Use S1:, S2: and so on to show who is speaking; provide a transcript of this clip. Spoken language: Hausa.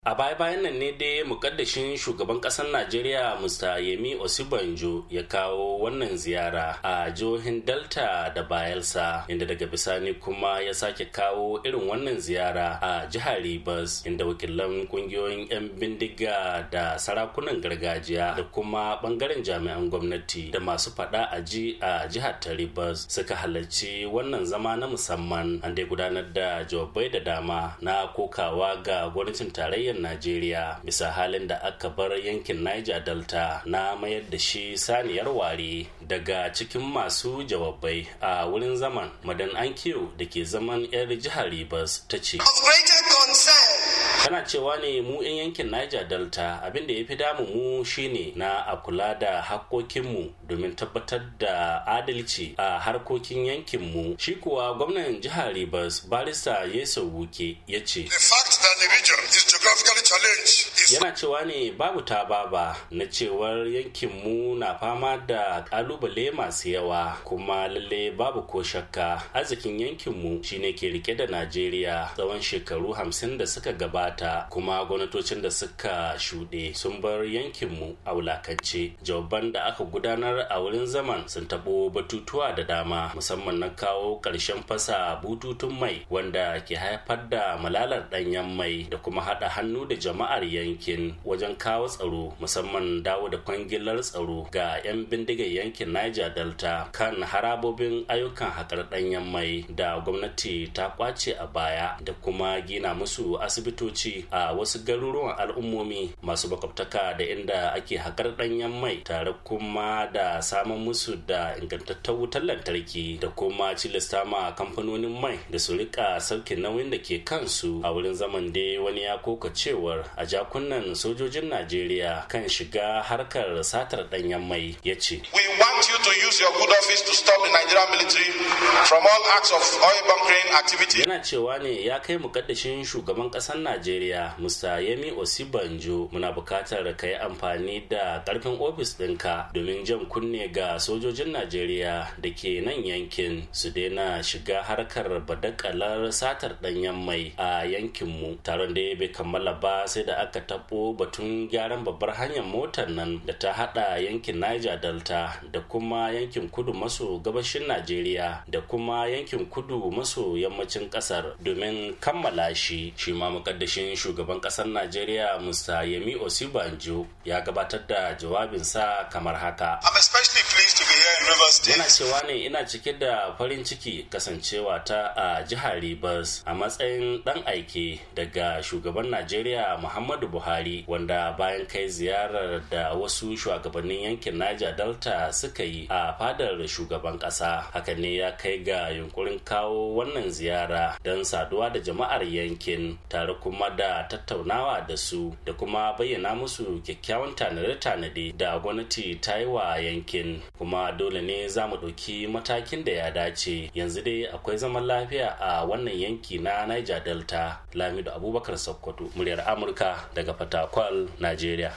S1: A baya-bayan nan ne dai mukaddashin shugaban ƙasar Najeriya Mr. Yemi Osibanjo ya kawo wannan ziyara a jihohin Delta da Bayelsa inda daga bisani kuma ya sake kawo irin wannan ziyara a jihar Ribas, inda wakilan kungiyoyin 'yan bindiga da sarakunan gargajiya da kuma bangaren jami'an gwamnati da masu fada a ji a jihar ta Rivers suka halarci wannan zama na musamman an dai gudanar da jawabai da dama na kokawa ga gwamnatin tarayya tarayyar najeriya bisa halin da aka bar yankin niger delta na mayar da shi saniyar ware daga cikin masu jawabai a wurin zaman madan ankiyo da ke zaman 'yar jihar rivers ta ce Kana cewa ne mu 'yan yankin niger delta abin da ya fi damu mu shine na a kula da hakkokinmu domin tabbatar da adalci a harkokin yankinmu shi kuwa gwamnan jihar rivers barista yeso wuke ya ce Yana cewa ne babu ta baba na cewar yankinmu na fama da kalubale masu yawa kuma lalle babu ko shakka arzikin yankinmu shine ke rike da Najeriya tsawon shekaru hamsin da suka gabata kuma gwamnatocin da suka shuɗe sun bar yankinmu a wulakance. Jawaban da aka gudanar a wurin zaman sun tabo batutuwa da dama musamman na kawo ƙarshen fasa bututun mai wanda ke haifar da malalar ɗanyen mai da kuma haɗa hannu da jama'ar yankin wajen kawo tsaro musamman dawo da kwangilar tsaro ga 'yan bindigar yankin niger delta kan harabobin ayyukan haƙar ɗanyen mai da gwamnati ta kwace a baya da kuma gina musu asibitoci a wasu garuruwan al'ummomi masu bakwabtaka da inda ake haƙar ɗanyen mai tare kuma da samun musu da ingantattun wutar lantarki da kuma cilista ma kamfanonin mai da su rika sauke nauyin da ke kansu a wurin zaman da wani ya koka cewar a jakunan sojojin Najeriya kan shiga harkar satar ɗanyen mai ya ce. We want you to use your good office to stop the Nigerian military from all acts of oil bunkering activity. Yana cewa ne ya kai mukaddashin shugaban ƙasar Najeriya Mr. Yemi Osibanjo muna buƙatar ka yi amfani da ƙarfin ofis ɗinka domin jan kunne ga sojojin Najeriya da ke nan yankin su daina shiga harkar badakalar satar ɗanyen mai a yankinmu taron da ya bai kammala kammala sai da aka tabo batun gyaran babbar hanyar motar nan da ta hada yankin niger delta da kuma yankin kudu maso gabashin najeriya da kuma yankin kudu maso yammacin kasar domin kammala shi shi ma mukaddashin shugaban ƙasar najeriya mr yemi osibanjo ya gabatar da jawabinsa kamar haka yana cewa ne ina cike da farin ciki kasancewa ta a jihar rivers a matsayin dan aiki daga shugaban najeriya najeriya muhammadu buhari wanda bayan kai ziyarar da wasu shugabannin yankin niger delta suka yi a fadar shugaban ƙasa, hakan ne ya kai ga yunkurin kawo wannan ziyara don saduwa da jama'ar yankin tare kuma da tattaunawa da su da kuma bayyana musu kyakkyawan tanade-tanade da gwamnati ta yi wa yankin kuma dole ne za mu ɗauki matakin da ya dace yanzu dai akwai zaman lafiya a wannan yanki na niger delta lamido abubakar sokoto muryar amurka daga fatakwal nigeria.